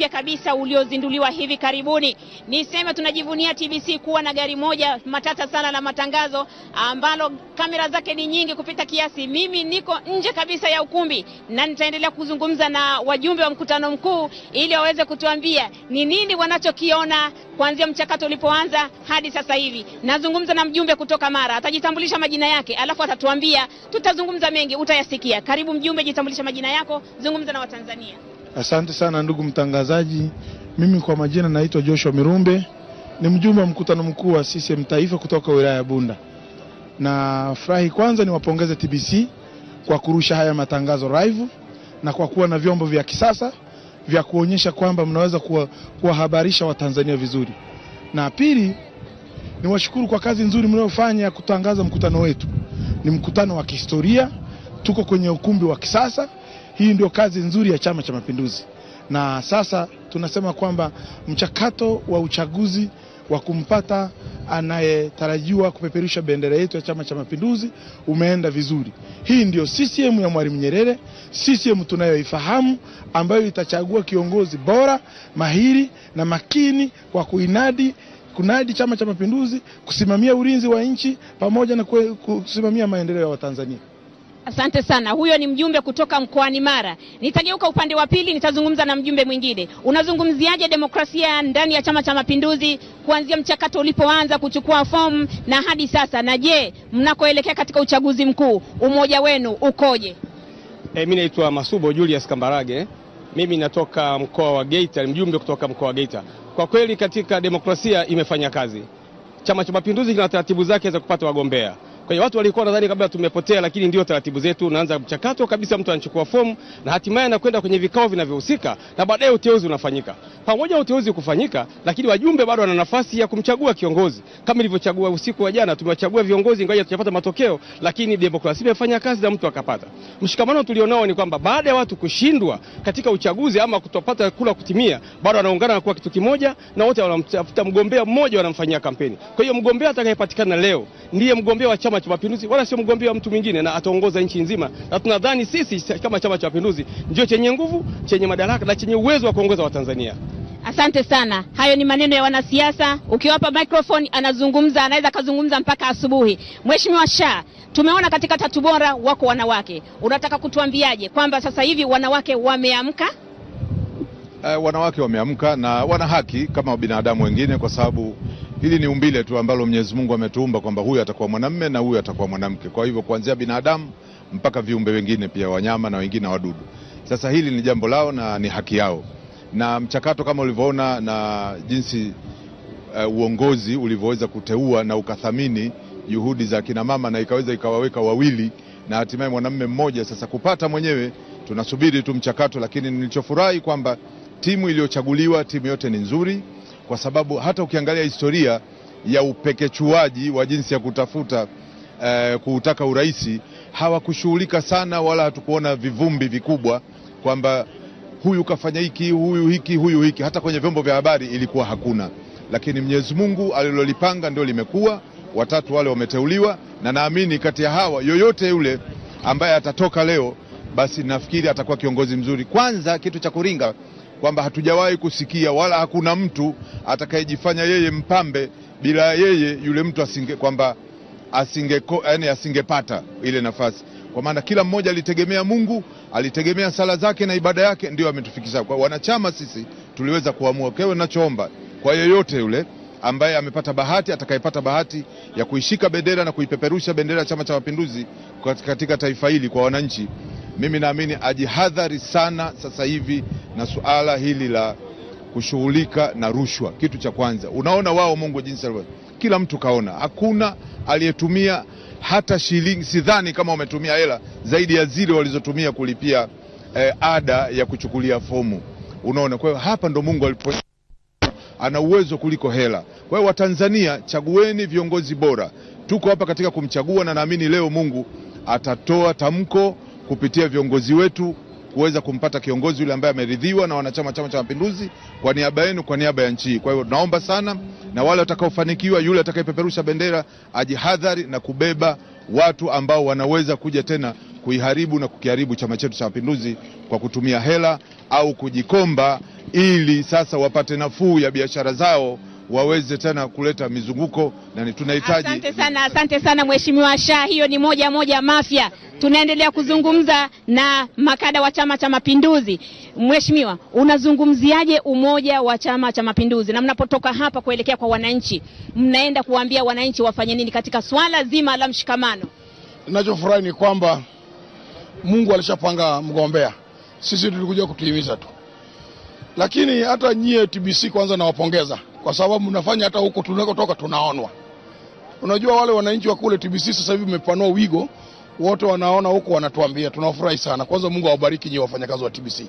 mpya kabisa uliozinduliwa hivi karibuni. Niseme tunajivunia TBC kuwa na gari moja matata sana la matangazo ambalo kamera zake ni nyingi kupita kiasi. Mimi niko nje kabisa ya ukumbi na nitaendelea kuzungumza na wajumbe wa mkutano mkuu ili waweze kutuambia ni nini wanachokiona kuanzia mchakato ulipoanza hadi sasa hivi. Nazungumza na mjumbe kutoka Mara, atajitambulisha majina yake, alafu atatuambia. Tutazungumza mengi, utayasikia. Karibu mjumbe, jitambulisha majina yako, zungumza na Watanzania. Asante sana ndugu mtangazaji. Mimi kwa majina naitwa Joshua Mirumbe, ni mjumbe wa mkutano mkuu wa CCM Taifa kutoka wilaya ya Bunda. Na furahi kwanza niwapongeze TBC kwa kurusha haya matangazo live na kwa kuwa na vyombo vya kisasa vya kuonyesha kwamba mnaweza kuwahabarisha Watanzania vizuri. Na pili, niwashukuru kwa kazi nzuri mnayofanya ya kutangaza mkutano wetu. Ni mkutano wa kihistoria, tuko kwenye ukumbi wa kisasa hii ndio kazi nzuri ya Chama cha Mapinduzi, na sasa tunasema kwamba mchakato wa uchaguzi wa kumpata anayetarajiwa kupeperusha bendera yetu ya Chama cha Mapinduzi umeenda vizuri. Hii ndiyo CCM ya Mwalimu Nyerere, CCM tunayoifahamu ambayo itachagua kiongozi bora, mahiri na makini kwa kuinadi kunadi Chama cha Mapinduzi, kusimamia ulinzi wa nchi pamoja na kusimamia maendeleo ya Watanzania. Asante sana. Huyo ni mjumbe kutoka mkoani Mara. Nitageuka upande wa pili, nitazungumza na mjumbe mwingine. Unazungumziaje demokrasia ndani ya Chama cha Mapinduzi kuanzia mchakato ulipoanza kuchukua fomu na hadi sasa, na je, mnakoelekea katika uchaguzi mkuu umoja wenu ukoje? E, eh, mimi naitwa Masubo Julius Kambarage, mimi natoka mkoa wa Geita, mjumbe kutoka mkoa wa Geita. Kwa kweli katika demokrasia imefanya kazi. Chama cha Mapinduzi kina taratibu zake za kupata wagombea kwa hiyo watu walikuwa nadhani kabla tumepotea, lakini ndio taratibu zetu. Unaanza mchakato kabisa, mtu anachukua fomu na hatimaye anakwenda kwenye vikao vinavyohusika, na baadaye uteuzi unafanyika. Pamoja na uteuzi kufanyika, lakini wajumbe bado wana nafasi ya kumchagua kiongozi, kama ilivyochagua usiku wa jana. Tumewachagua viongozi, ingawa hatujapata matokeo, lakini demokrasia imefanya kazi na mtu akapata. Mshikamano tulionao ni kwamba baada ya watu kushindwa katika uchaguzi ama kutopata kula kutimia, bado wanaungana na kuwa kitu kimoja, na wote wanamtafuta mgombea mmoja, wanamfanyia kampeni. Kwa hiyo mgombea atakayepatikana leo ndiye mgombea wa chama cha Mapinduzi wala sio mgombea wa mtu mwingine, na ataongoza nchi nzima, na tunadhani sisi kama Chama cha Mapinduzi ndio chenye nguvu, chenye madaraka na chenye uwezo wa kuongoza Watanzania. Asante sana. Hayo ni maneno ya wanasiasa. Ukiwapa microphone anazungumza, anaweza akazungumza mpaka asubuhi. Mheshimiwa Shah, tumeona katika tatu bora wako wanawake, unataka kutuambiaje kwamba sasa hivi wanawake wameamka? Uh, wanawake wameamka na wana haki kama binadamu wengine, kwa sababu Hili ni umbile tu ambalo Mwenyezi Mungu ametuumba kwamba huyu atakuwa mwanamme na huyu atakuwa mwanamke. Kwa hivyo kuanzia binadamu mpaka viumbe wengine pia wanyama na wengine wadudu. Sasa hili ni jambo lao na ni haki yao, na mchakato kama ulivyoona na jinsi uh, uongozi ulivyoweza kuteua na ukathamini juhudi za kina mama na ikaweza ikawaweka wawili na hatimaye mwanamume mmoja sasa kupata mwenyewe. Tunasubiri tu mchakato, lakini nilichofurahi kwamba timu iliyochaguliwa timu yote ni nzuri kwa sababu hata ukiangalia historia ya upekechuaji wa jinsi ya kutafuta eh, kuutaka uraisi hawakushughulika sana, wala hatukuona vivumbi vikubwa kwamba huyu kafanya hiki, huyu hiki, huyu hiki. Hata kwenye vyombo vya habari ilikuwa hakuna, lakini Mwenyezi Mungu alilolipanga ndio limekuwa. Watatu wale wameteuliwa, na naamini kati ya hawa yoyote yule ambaye atatoka leo, basi nafikiri atakuwa kiongozi mzuri. Kwanza kitu cha kuringa kwamba hatujawahi kusikia wala hakuna mtu atakayejifanya yeye mpambe bila yeye yule mtu asinge, kwamba asinge, yani asingepata ile nafasi, kwa maana kila mmoja alitegemea Mungu, alitegemea sala zake na ibada yake, ndio ametufikisha kwa wanachama. Sisi tuliweza kuamua. Kwa hiyo ninachoomba kwa yeyote yule ambaye amepata bahati, atakayepata bahati ya kuishika bendera na kuipeperusha bendera ya Chama cha Mapinduzi katika taifa hili kwa wananchi, mimi naamini ajihadhari sana sasa hivi na suala hili la kushughulika na rushwa. Kitu cha kwanza, unaona wao Mungu jinsi alivyo, kila mtu kaona, hakuna aliyetumia hata shilingi, sidhani kama wametumia hela zaidi ya zile walizotumia kulipia eh, ada ya kuchukulia fomu. Unaona, kwa hiyo hapa ndo Mungu alipo ana uwezo kuliko hela. Kwa hiyo Watanzania, chagueni viongozi bora. Tuko hapa katika kumchagua, na naamini leo Mungu atatoa tamko kupitia viongozi wetu kuweza kumpata kiongozi yule ambaye ameridhiwa na wanachama Chama cha Mapinduzi kwa niaba yenu, kwa niaba ya nchi hii. Kwa hiyo naomba sana, na wale watakaofanikiwa, yule atakayepeperusha bendera ajihadhari na kubeba watu ambao wanaweza kuja tena kuiharibu na kukiharibu chama chetu cha Mapinduzi kwa kutumia hela au kujikomba, ili sasa wapate nafuu ya biashara zao waweze tena kuleta mizunguko na tunahitaji. Asante sana, asante sana mheshimiwa Shah, hiyo ni moja moja Mafia. Tunaendelea kuzungumza na makada wa Chama cha Mapinduzi. Mheshimiwa, unazungumziaje umoja wa Chama cha Mapinduzi na mnapotoka hapa kuelekea kwa wananchi, mnaenda kuwaambia wananchi wafanye nini katika swala zima la mshikamano? Ninachofurahi ni kwamba Mungu alishapanga mgombea, sisi tulikuja kutimiza tu, lakini hata nyie TBC kwanza nawapongeza kwa sababu mnafanya hata huko tunakotoka tunaonwa. Unajua wale wananchi wa kule TBC sasa hivi mmepanua wigo, wote wanaona huko, wanatuambia tunafurahi sana. Kwanza Mungu awabariki nyinyi wafanyakazi wa TBC.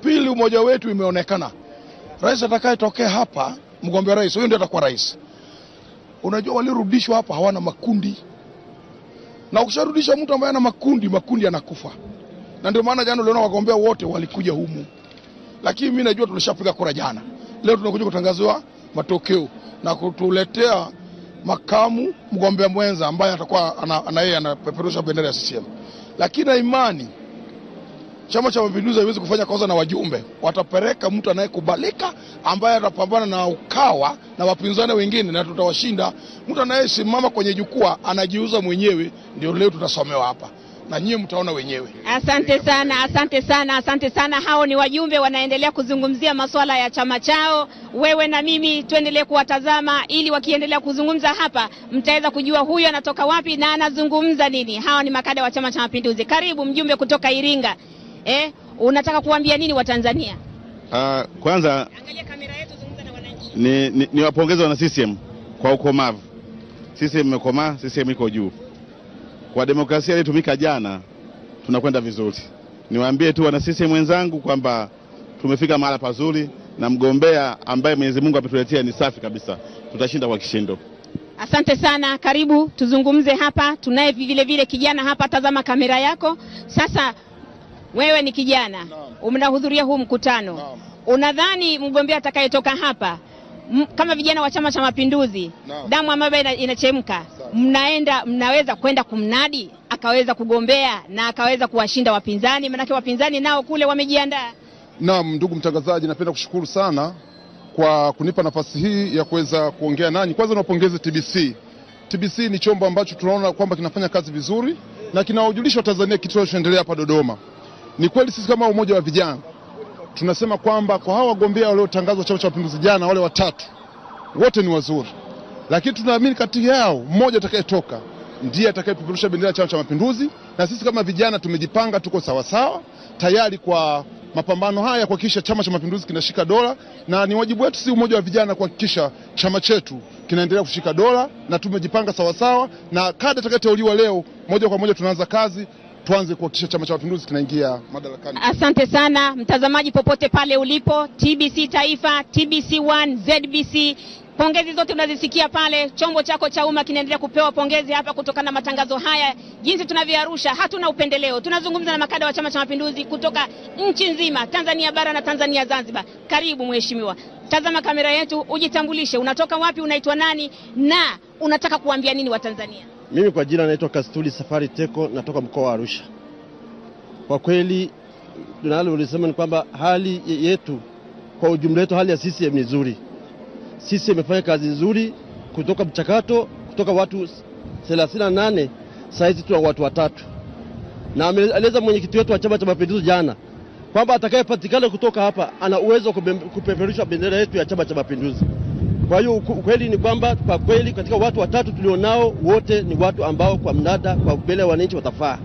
Pili, umoja wetu imeonekana. Rais atakayetokea hapa, mgombea rais huyo ndio atakuwa rais. Unajua walirudishwa hapa hawana makundi, na ukisharudisha mtu ambaye ana makundi, makundi yanakufa. na ndio maana jana uliona wagombea wote walikuja humu, lakini mimi najua tulishapiga kura jana. Leo tunakuja kutangaziwa matokeo na kutuletea makamu mgombea mwenza ambaye atakuwa ana yeye anapeperusha bendera ya CCM, lakini na imani Chama cha Mapinduzi haiwezi kufanya kosa, na wajumbe watapeleka mtu anayekubalika ambaye atapambana na Ukawa na wapinzani wengine na tutawashinda. Mtu anayesimama kwenye jukwaa anajiuza mwenyewe, ndio leo tutasomewa hapa na nyie mtaona wenyewe. Asante sana, asante sana, asante sana. Hao ni wajumbe wanaendelea kuzungumzia masuala ya chama chao. Wewe na mimi tuendelee kuwatazama ili wakiendelea kuzungumza hapa, mtaweza kujua huyu anatoka wapi na anazungumza nini. Hawa ni makada wa Chama cha Mapinduzi. Karibu mjumbe kutoka Iringa. Eh, unataka kuambia nini Watanzania? Uh, ah, kwanza angalia kamera yetu, zungumza na wananchi. Ni, ni, ni wapongeze wana CCM kwa ukomavu. CCM imekomaa, CCM iko juu kwa demokrasia iliyotumika jana tunakwenda vizuri. Niwaambie tu wana CCM wenzangu kwamba tumefika mahala pazuri, na mgombea ambaye Mwenyezi Mungu ametuletea ni safi kabisa, tutashinda kwa kishindo. Asante sana, karibu tuzungumze hapa. Tunaye vile vile kijana hapa, tazama kamera yako sasa. Wewe ni kijana no. Unahudhuria huu mkutano Unadhani mgombea atakayetoka hapa kama vijana wa Chama cha Mapinduzi no. damu ambayo inachemka mnaenda mnaweza kwenda kumnadi akaweza kugombea na akaweza kuwashinda wapinzani, manake wapinzani nao kule wamejiandaa. Naam, ndugu mtangazaji, napenda kushukuru sana kwa kunipa nafasi hii ya kuweza kuongea nanyi. Kwanza niwapongeze TBC. TBC ni chombo ambacho tunaona kwamba kinafanya kazi vizuri na kinawajulisha Watanzania kitu kinachoendelea hapa Dodoma. Ni kweli sisi kama umoja wa vijana tunasema kwamba kwa hawa wagombea waliotangazwa Chama cha Mapinduzi jana, wale watatu wote ni wazuri, lakini tunaamini kati yao mmoja atakayetoka ndiye atakayepeperusha bendera ya Chama cha Mapinduzi, na sisi kama vijana tumejipanga, tuko sawasawa tayari kwa mapambano haya kuhakikisha Chama cha Mapinduzi kinashika dola, na ni wajibu wetu si umoja wa vijana kuhakikisha chama chetu kinaendelea kushika dola, na tumejipanga sawasawa, na kada atakayeteuliwa leo, moja kwa moja tunaanza kazi tuanze kuhakikisha Chama cha Mapinduzi kinaingia madarakani. Asante sana mtazamaji, popote pale ulipo, TBC Taifa, TBC 1, ZBC Pongezi zote unazisikia pale, chombo chako cha umma kinaendelea kupewa pongezi hapa kutokana na matangazo haya, jinsi tunavyoarusha. Hatuna upendeleo, tunazungumza na makada wa Chama cha Mapinduzi kutoka nchi nzima, Tanzania bara na Tanzania Zanzibar. Karibu mheshimiwa, tazama kamera yetu, ujitambulishe, unatoka wapi, unaitwa nani na unataka kuambia nini Watanzania? Mimi kwa jina naitwa Kastuli Safari Teko, natoka mkoa wa Arusha. Kwa kweli tunalo ulisema ni kwamba hali yetu kwa ujumla wetu, hali ya CCM ni nzuri. CCM imefanya kazi nzuri kutoka mchakato, kutoka watu 38 hizi tuna watu watatu, na ameeleza mwenyekiti wetu wa Chama cha Mapinduzi jana kwamba atakayepatikana kutoka hapa ana uwezo wa kupeperusha bendera yetu ya Chama cha Mapinduzi. Kwa hiyo ukweli ni kwamba kwa kweli katika watu watatu tulionao wote ni watu ambao kwa mnada, kwa mbele ya wananchi watafaa,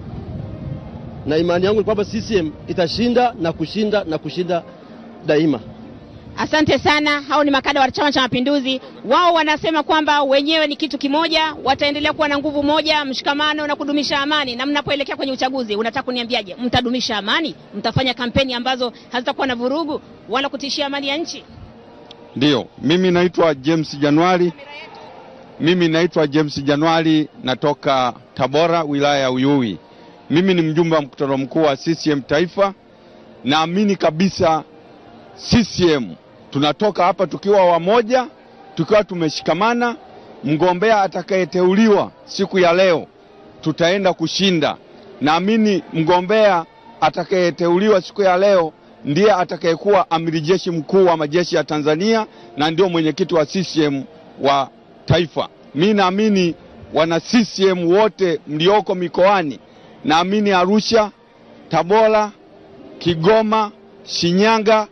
na imani yangu ni kwamba CCM itashinda na kushinda na kushinda daima. Asante sana. Hao ni makada wa Chama cha Mapinduzi. Wao wanasema kwamba wenyewe ni kitu kimoja, wataendelea kuwa na nguvu moja, mshikamano na kudumisha amani. Na mnapoelekea kwenye uchaguzi, unataka kuniambiaje? Mtadumisha amani? Mtafanya kampeni ambazo hazitakuwa na vurugu wala kutishia amani ya nchi? ndio mimi naitwa James Januari. Mimi naitwa James Januari, natoka Tabora, wilaya ya Uyui. Mimi ni mjumbe wa mkutano mkuu wa CCM Taifa. Naamini kabisa CCM tunatoka hapa tukiwa wamoja, tukiwa tumeshikamana. Mgombea atakayeteuliwa siku ya leo tutaenda kushinda. Naamini mgombea atakayeteuliwa siku ya leo ndiye atakayekuwa amiri jeshi mkuu wa majeshi ya Tanzania na ndio mwenyekiti wa CCM wa taifa. Mi naamini wana CCM wote mlioko mikoani, naamini Arusha, Tabora, Kigoma, Shinyanga,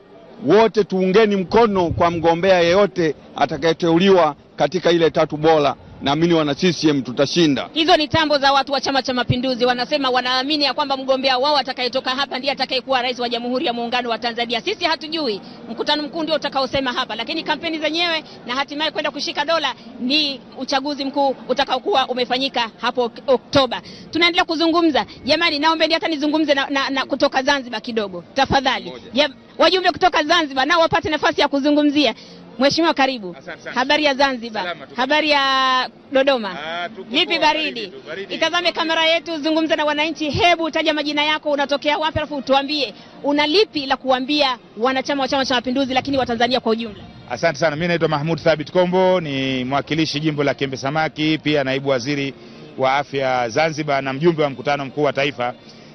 wote tuungeni mkono kwa mgombea yeyote atakayeteuliwa katika ile tatu bora naamini wana CCM tutashinda. Hizo ni tambo za watu wa Chama cha Mapinduzi, wanasema wanaamini ya kwamba mgombea wao atakayetoka hapa ndiye atakayekuwa rais wa Jamhuri ya Muungano wa Tanzania. Sisi hatujui, mkutano mkuu ndio utakaosema hapa, lakini kampeni zenyewe na hatimaye kwenda kushika dola ni uchaguzi mkuu utakaokuwa umefanyika hapo Oktoba. Tunaendelea kuzungumza jamani, naombeni hata nizungumze na, na, na kutoka Zanzibar kidogo tafadhali. Yep, wajumbe kutoka Zanzibar nao wapate nafasi ya kuzungumzia Mheshimiwa, karibu. Habari ya Zanzibar? Habari ya Dodoma? Ah, Vipi baridi? Baridi. Itazame kamera yetu, zungumza na wananchi. Hebu taja majina yako, unatokea wapi, alafu tuambie una lipi la kuambia wanachama wa Chama cha Mapinduzi, lakini Watanzania kwa ujumla. Asante sana, mimi naitwa Mahmud Thabit Kombo, ni mwakilishi jimbo la Kiembe Samaki, pia naibu waziri wa afya Zanzibar na mjumbe wa mkutano mkuu wa taifa.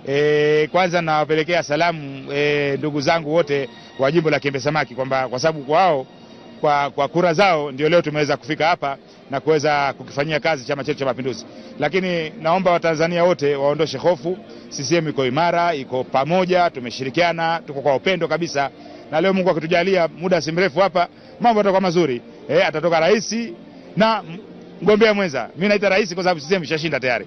E, kwanza nawapelekea salamu e, ndugu zangu wote wa jimbo la Kiembe Samaki kwamba kwa sababu kwao kwa, kwa kura zao ndio leo tumeweza kufika hapa na kuweza kukifanyia kazi chama chetu cha Mapinduzi. Lakini naomba Watanzania wote waondoshe hofu. CCM iko imara, iko pamoja, tumeshirikiana, tuko kwa upendo kabisa, na leo Mungu akitujalia, muda si mrefu hapa mambo yatakuwa mazuri. eh, atatoka rais na mgombea mwenza. Mimi naita rais kwa sababu CCM ishashinda tayari.